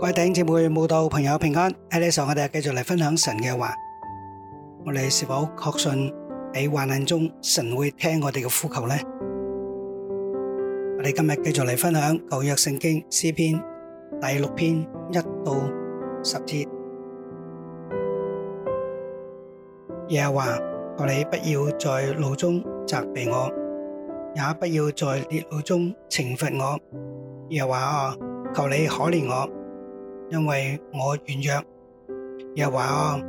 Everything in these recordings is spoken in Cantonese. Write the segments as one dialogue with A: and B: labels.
A: 各位弟兄姊妹、慕道朋友平安，喺呢度我哋繼續嚟分享神嘅話，我哋是否確信喺患難中神會聽我哋嘅呼求呢？我哋今日繼續嚟分享舊約聖經詩篇第六篇一到十節。耶和華求你不要在怒中責備我，也不要在烈怒中懲罰我。耶和華啊，求你可憐我。因為我軟弱，耶和華啊，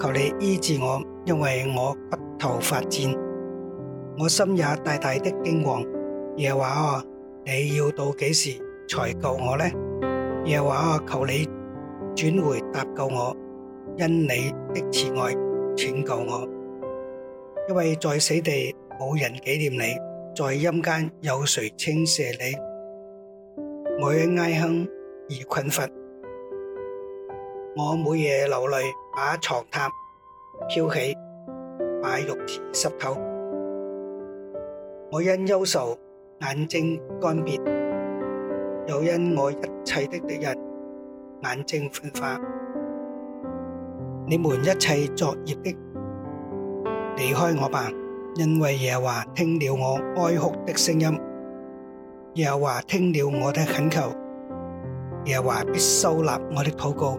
A: 求你醫治我，因為我骨頭發戰，我心也大大地驚惶。耶和華啊，你要到幾時才救我呢？耶和華啊，求你轉回搭救我，因你的慈愛拯救我。因為在死地冇人紀念你，在陰間有誰稱謝你？我因哀哼而困乏。我每夜流淚，把床榻漂起，把浴池濕透。我因憂愁眼睛乾癟，又因我一切的敵人眼睛煥化。你們一切作孽的，離開我吧！因為耶華聽了我哀哭的聲音，耶華聽了我的懇求，耶華必收納我的禱告。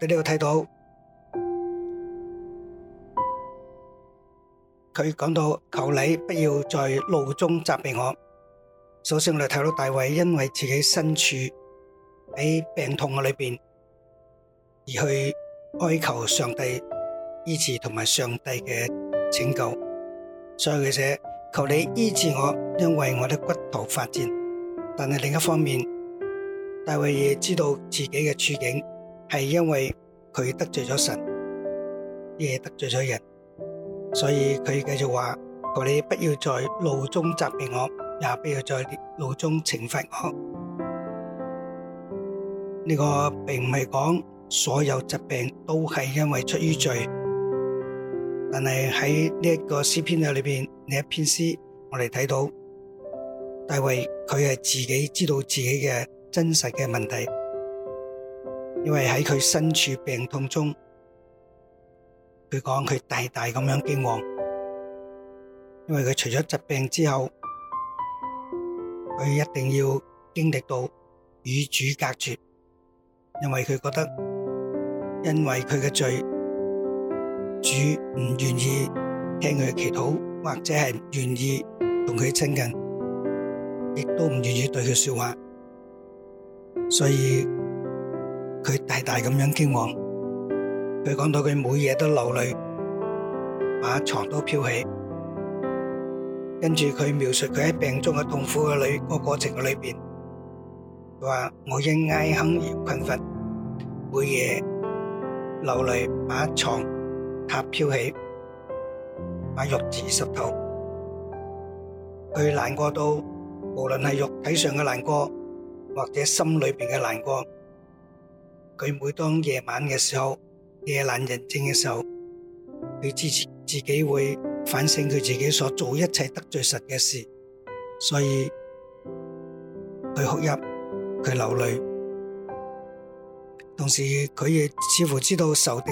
A: 我哋呢度睇到佢講到，求你不要在怒中責備我。首先我哋睇到大衛因為自己身處喺病痛嘅裏面，而去哀求上帝醫治同埋上帝嘅拯救。所以佢寫，求你醫治我，因為我的骨頭發戰。但係另一方面，大衛亦知道自己嘅處境。係因為佢得罪咗神，亦得罪咗人，所以佢繼續話：我你不要在怒中責備我，也不要在怒中懲罰我。呢、這個並唔係講所有疾病都係因為出於罪，但係喺呢一個詩篇啊裏面，呢一篇詩，我哋睇到大衛佢係自己知道自己嘅真實嘅問題。因為喺佢身處病痛中，佢講佢大大咁樣驚惶，因為佢除咗疾病之後，佢一定要經歷到與主隔絕，因為佢覺得，因為佢嘅罪，主唔願意聽佢祈禱，或者係唔願意同佢親近，亦都唔願意對佢說話，所以。佢大大咁樣叫我，佢講到佢每夜都流淚，把床都飄起，跟住佢描述佢喺病中嘅痛苦嘅裏個過程嘅裏邊，佢話我因唉哼而困乏，每夜流淚把床榻漂起，把褥子濕透，佢難過到無論係肉體上嘅難過，或者心裏邊嘅難過。佢每當夜晚嘅時候，夜闌人靜嘅時候，佢之前自己會反省佢自己所做一切得罪神嘅事，所以佢哭泣，佢流淚，同時佢亦似乎知道仇敵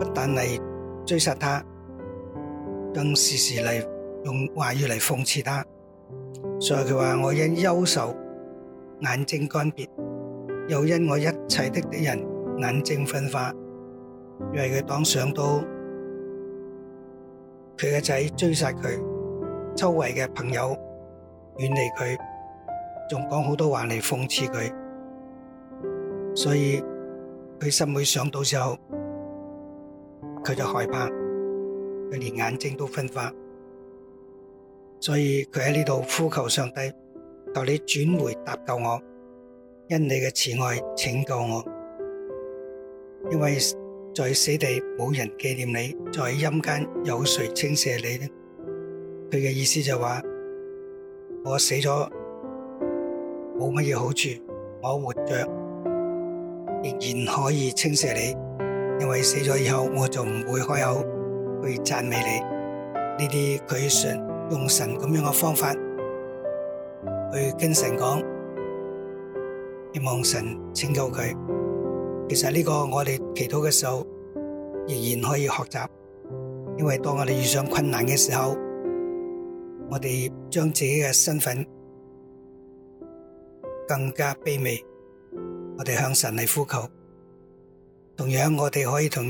A: 不但嚟追殺他，更時時嚟用話語嚟諷刺他，所以佢話我因憂愁眼睛乾癟。又因我一切的敵人眼睛昏花，因為佢當想到，佢個仔追殺佢，周圍嘅朋友遠離佢，仲講好多話嚟諷刺佢，所以佢心會想到之後，佢就害怕，佢連眼睛都昏花，所以佢喺呢度呼求上帝，求你轉回搭救我。因你嘅慈愛拯救我，因為在死地冇人紀念你，在陰間有誰稱謝你呢？佢嘅意思就話我死咗冇乜嘢好處，我活着，仍然可以稱謝你，因為死咗以後我就唔會開口去讚美你。呢啲佢常用神咁樣嘅方法去跟神講。希望神拯救佢。其實呢個我哋祈禱嘅時候，仍然可以學習，因為當我哋遇上困難嘅時候，我哋將自己嘅身份更加卑微，我哋向神嚟呼求。同樣，我哋可以同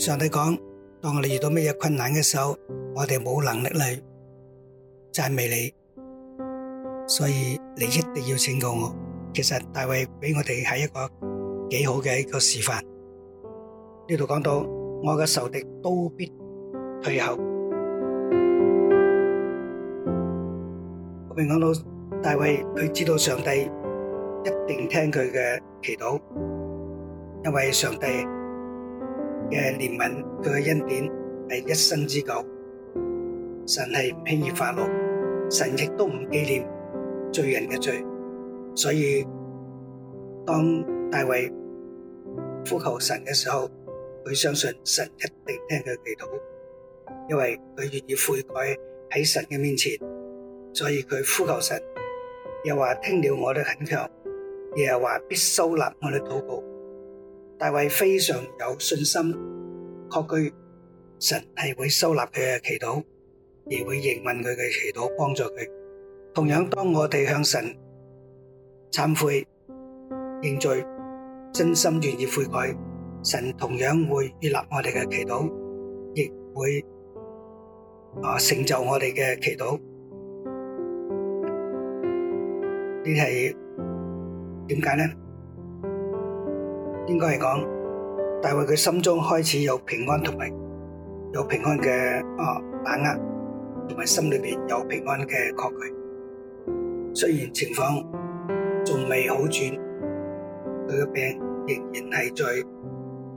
A: 上帝講：當我哋遇到乜嘢困難嘅時候，我哋冇能力嚟讚美你，所以你一定要拯救我。其實大衛俾我哋係一個幾好嘅一個示範。呢度講到我嘅仇敵都必退後。後面講到大衛佢知道上帝一定聽佢嘅祈禱，因為上帝嘅憐憫、佢嘅恩典係一生之久。神係不輕易發怒，神亦都唔紀念罪人嘅罪。所以當大衛呼求神嘅時候，佢相信神一定聽佢祈禱，因為佢願意悔改喺神嘅面前。所以佢呼求神，又話聽了我的懇求，亦又話必收納我的禱告。大衛非常有信心，確據神係會收納佢嘅祈禱，亦會應允佢嘅祈禱，幫助佢。同樣，當我哋向神，懺悔、認罪、真心願意悔改，神同樣會接納我哋嘅祈禱，亦會啊成就我哋嘅祈禱。呢係點解呢？應該係講大衛佢心中開始有平安同埋有平安嘅啊，把握同埋心裏邊有平安嘅確據。雖然情況，仲未好轉，佢嘅病仍然係在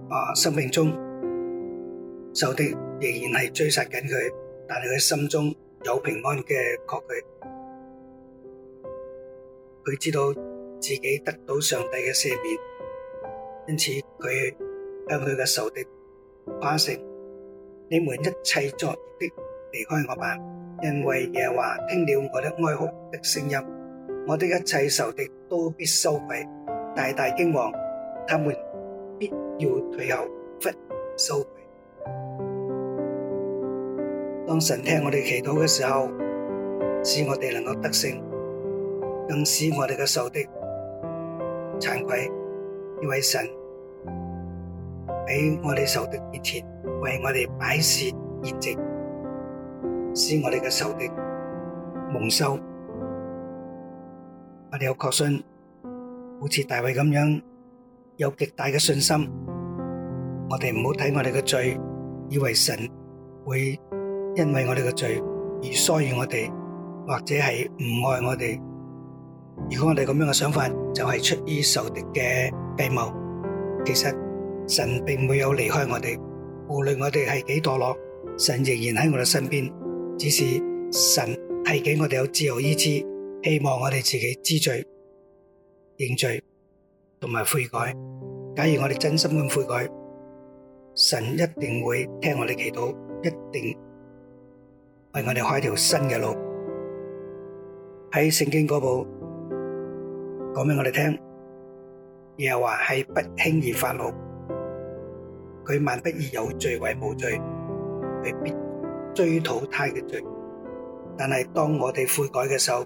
A: 啊生命中仇敵，仍然係追殺緊佢。但係佢心中有平安嘅確據，佢知道自己得到上帝嘅赦免，因此佢向佢嘅仇敵誇勝：你們一切作孽的，離開我吧，因為耶和華聽了我的哀哭的聲音，我的一切仇敵。都必羞愧，大大驚惶，他們必要退後，忽然羞愧。當神聽我哋祈禱嘅時候，使我哋能夠得勝，更使我哋嘅仇敵慚愧。呢位神喺我哋仇敵面前，為我哋擺設筵席，使我哋嘅仇敵蒙羞。我哋有確信，好似大衛咁樣，有極大嘅信心。我哋唔好睇我哋嘅罪，以為神會因為我哋嘅罪而疏遠我哋，或者係唔愛我哋。如果我哋咁樣嘅想法，就係出於仇敵嘅計謀。其實神並冇有離開我哋，無論我哋係幾墮落，神仍然喺我哋身邊。只是神提醒我哋有自由意志。希望我哋自己知罪、認罪同埋悔改。假如我哋真心咁悔改，神一定會聽我哋祈禱，一定為我哋開條新嘅路。喺聖經嗰部講俾我哋聽，又話係不輕易發怒，佢萬不以有罪為無罪，佢必追討他嘅罪。但係當我哋悔改嘅時候，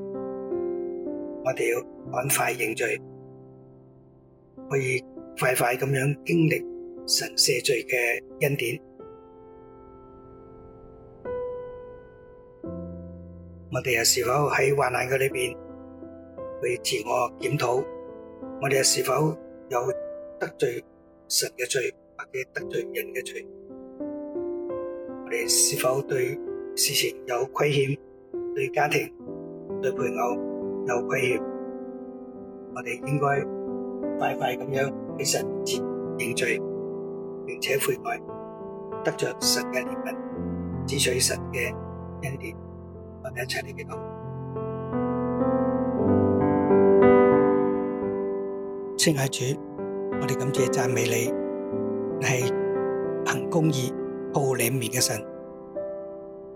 A: 我哋要趕快認罪，可以快快咁樣經歷神赦罪嘅恩典。我哋又是否喺患難嘅裏邊去自我檢討？我哋又是否有得罪神嘅罪，或者得罪人嘅罪？我哋是否對事情有虧欠？對家庭，對配偶？有虧欠，我哋應該快快咁樣喺神面前認罪，並且悔改，得着神嘅憐憫，汲取神嘅恩典，同埋一切嘅幫助。親愛的主，我哋感謝讚美你，你係憑公義、報憐憫嘅神，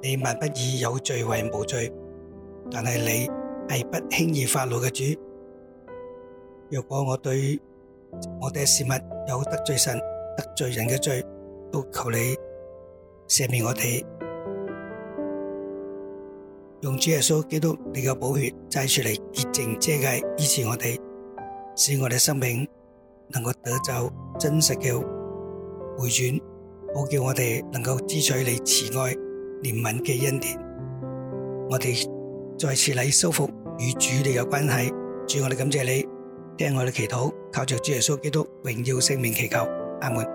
A: 你萬不以有罪為無罪，但係你。係不輕易發怒嘅主，若果我對我哋嘅事物有得罪神、得罪人嘅罪，都求你赦免我哋，用主耶穌基督你嘅寶血祭出嚟潔淨遮蓋醫治我哋，使我哋生命能夠得就真實嘅回轉，好叫我哋能夠支取你慈愛憐憫嘅恩典，我哋。再次嚟修復與主你嘅關係，主我哋感謝你，聽我哋祈禱，靠着主耶穌基督榮耀聖名祈求，阿門。